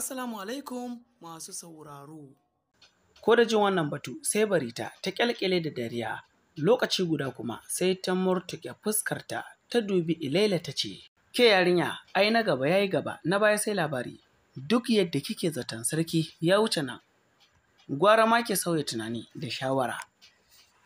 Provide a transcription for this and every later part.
Assalamu alaikum masu sauraro. Ko da jin wannan batu sai barita ta kyalkyale da dariya lokaci guda kuma sai ta murtuke fuskarta ta dubi ilaila ta ce, Ke yarinya, ai na gaba yayi gaba na baya sai labari, duk yadda kike zaton sarki ya wuce nan. Gwara ma ke sauya tunani da shawara.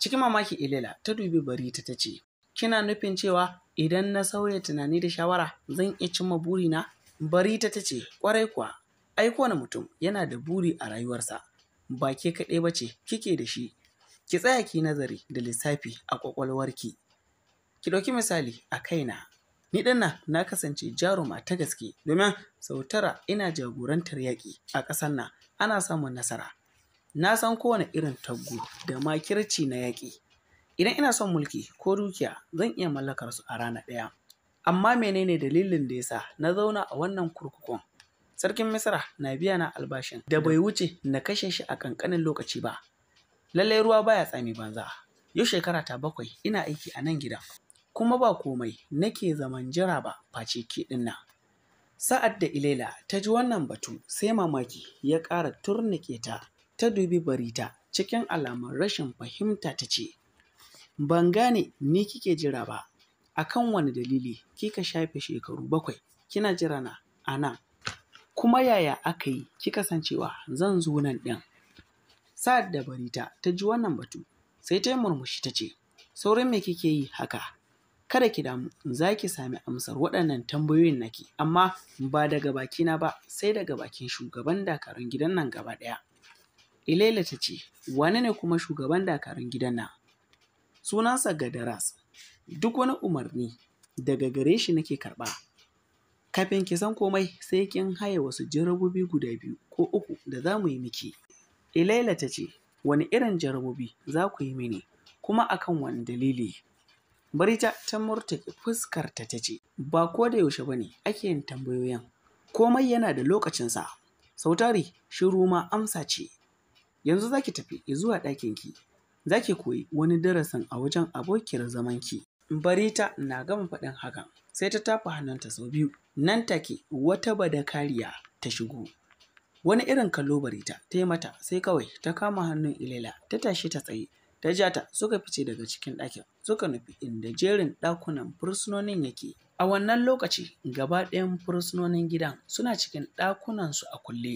Cikin mamaki ilaila ta dubi barita ta ce, Kina nufin cewa idan na sauya tunani da shawara zan iya cimma burina? Barita ta ce, Kwarai kuwa ai kowane mutum yana da buri a rayuwarsa ba ke kaɗai ba ce kike da shi ki tsaya ki nazari da lissafi a ƙwaƙwalwarki ki ɗauki misali a kaina ni ɗana na kasance jaruma ta gaske domin sau tara ina jagorantar yaƙi a ƙasar na. ana samun nasara na san kowane irin taggo da makirci na yaƙi idan ina son mulki ko dukiya zan iya mallakar su a rana ɗaya amma menene dalilin da yasa na zauna a wannan kurkukun sarkin misra na biya na albashin da bai wuce na kashe shi a kankanin lokaci ba lallai ruwa baya tsami banza yau shekara ta bakwai ina aiki a nan gida kuma ba komai nake zaman jira ba face ke dinna sa'ad da Ilela ta ji wannan batu sai mamaki ya ƙara turnike ta ta dubi barita cikin alamar rashin fahimta ta ce ban gane ni kike jira ba akan wani dalili kika shafe shekaru bakwai kina jira na a nan kuma yaya aka yi ki kasancewa zan zo nan ɗin sa'ad da barita ta ji wannan batu sai ta yi murmushi ta ce saurin me kike yi haka kada ki damu za ki sami amsar waɗannan tambayoyin naki amma ba daga bakina ba sai daga bakin shugaban dakarun gidan nan gaba ɗaya Ilaila ta ce, wani ne kuma shugaban dakarun gidan nan? Sunansa Gadaras, duk wani umarni daga gare shi nake karɓa Kafin ki san komai sai kin haye wasu jarabobi guda biyu ko uku da za mu yi miki. Ilaila e, ta ce, wani irin jarabobi za ku yi mini kuma akan wani dalili. Barita ta murta fuskarta ta ce, ba ko da yaushe ba ne ake yin tambayoyin. Komai yana da lokacinsa. Sautari shiru ma amsa ce. Yanzu za ki tafi zuwa ɗakinki. Za ki koyi wani darasin a wajen abokiyar zamanki. Barita na gama faɗin hakan sai ta tafa hannunta sau biyu Nan take wata kariya ta shigo. Wani irin kallo bari ta ta mata sai kawai ta kama hannun Ilela ta tashi ta tsaye ta ja ta suka fice daga cikin ɗakin suka nufi inda jerin ɗakunan fursunonin yake. A wannan lokaci gaba ɗayan fursunonin gidan suna cikin ɗakunansu a kulle.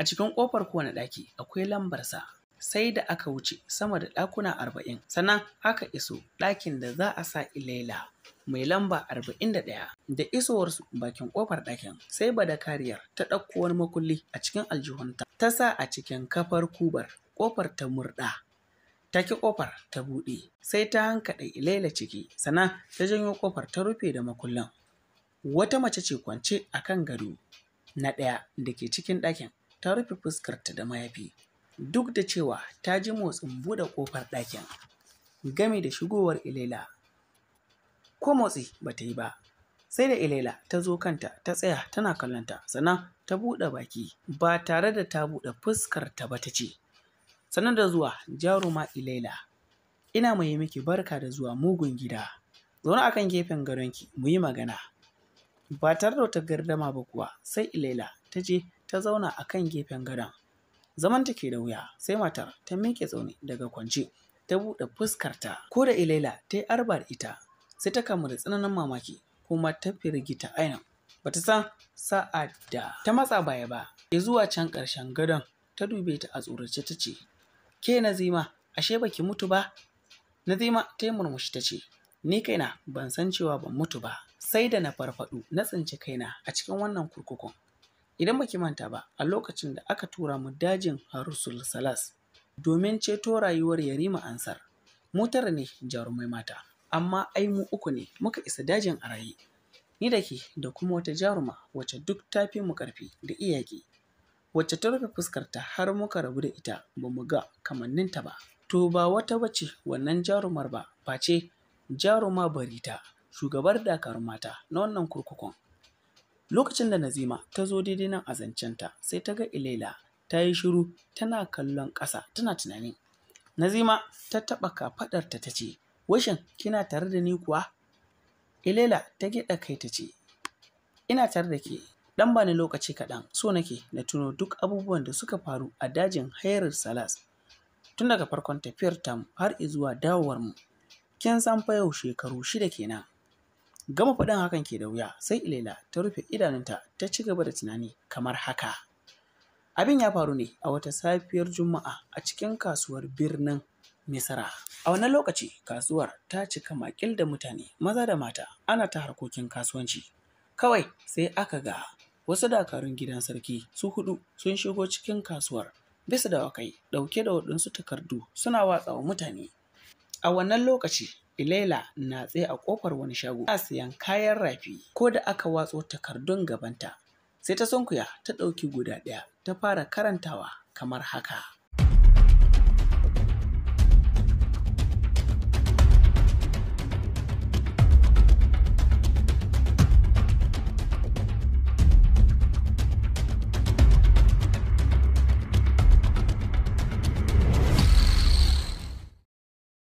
A cikin ƙofar kowane ɗaki akwai lambarsa sai da aka wuce sama da ɗakuna arba'in sannan aka iso ɗakin da za a sa Ilela mai lamba 41 da isowar isowarsu bakin kofar ɗakin sai kariyar ta ɗauko wani makulli a cikin aljihunta ta sa a cikin kafar kubar kofar ta murɗa ta ki kofar ta buɗe sai ta hankaɗe ilaila ciki sana ta janyo kofar ta rufe da makullin wata mace ce kwance a kan gado na ɗaya da ke cikin ɗakin ta rufe fuskarta da mayafi duk da cewa ta ji motsin buɗe kofar ɗakin game da shigowar ilaila ko motsi ba ta yi ba sai da ilela ta zo kanta ta tsaya tana kallonta sannan ta buɗe baki ba tare da ta buɗe fuskar ta ba ta ce sannan da zuwa jaruma ilaila. ina mai miki barka da zuwa mugun gida zaune akan gefen garonki mu yi magana ba tare da gardama ba kuwa sai ilela ta je ta zauna a kan gefen gadon zaman take da wuya sai matar ta miƙe tsauni daga kwance ta buɗe fuskarta ko da ilela ta yi arbar ita sai ta kamu da tsananin mamaki kuma ta firgita aina bata san Sa'a da ta matsa baya ba ya zuwa can ƙarshen gadon ta dube ta a tsorace ta ce ke nazima ashe baki mutu ba nazima ta yi murmushi ta ce ni kaina ban san cewa ban mutu ba sai da na farfadu na tsinci kaina a cikin wannan kurkukun idan baki manta ba a lokacin da aka tura mu dajin harusul salas domin ceto rayuwar yarima ansar Mutar ne jarumai mata amma ai mu uku ne muka isa dajin a raye ni da ke da kuma wata jaruma wacce duk ta fi mu karfi da iyaki wacce ta rufe fuskarta har muka rabu da ita ba mu ga kamanninta ba to ba wata bace wannan jarumar ba face jaruma bari ta, shugabar dakar mata na wannan kurkukun lokacin da nazima ta zo daidai nan a zancenta sai ta ga ilela ta yi shiru tana kallon ƙasa tana tunani nazima ta taɓa kafaɗarta ta ce Washin, kina tare da ni kuwa? Eh, Ilela ta gida kai ta ce, Ina tare da ke, ɗan ba ni lokaci kaɗan, so nake na tuno duk abubuwan da suka faru a dajin Hairar Salas. Tun daga farkon tafiyar tam har izuwa dawowar mu. Kin san fa yau shekaru shida kenan. Gama faɗin hakan ke da wuya, sai Ilela ta rufe idanunta ta ci gaba da tunani kamar haka. Abin ya faru ne a wata safiyar Juma'a a cikin kasuwar birnin Misra. A wannan lokaci kasuwar ta cika makil da mutane maza da mata ana ta harkokin kasuwanci. Kawai sai aka ga wasu dakarun gidan sarki su hudu sun shigo cikin kasuwar bisa da wakai dauke da waɗansu takardu suna watsa wa mutane. A wannan lokaci ilaila na tsaye a kofar wani shago a siyan kayan rafi ko da aka watso takardun gabanta sai ta sunkuya ta ɗauki guda ɗaya ta fara karantawa kamar haka.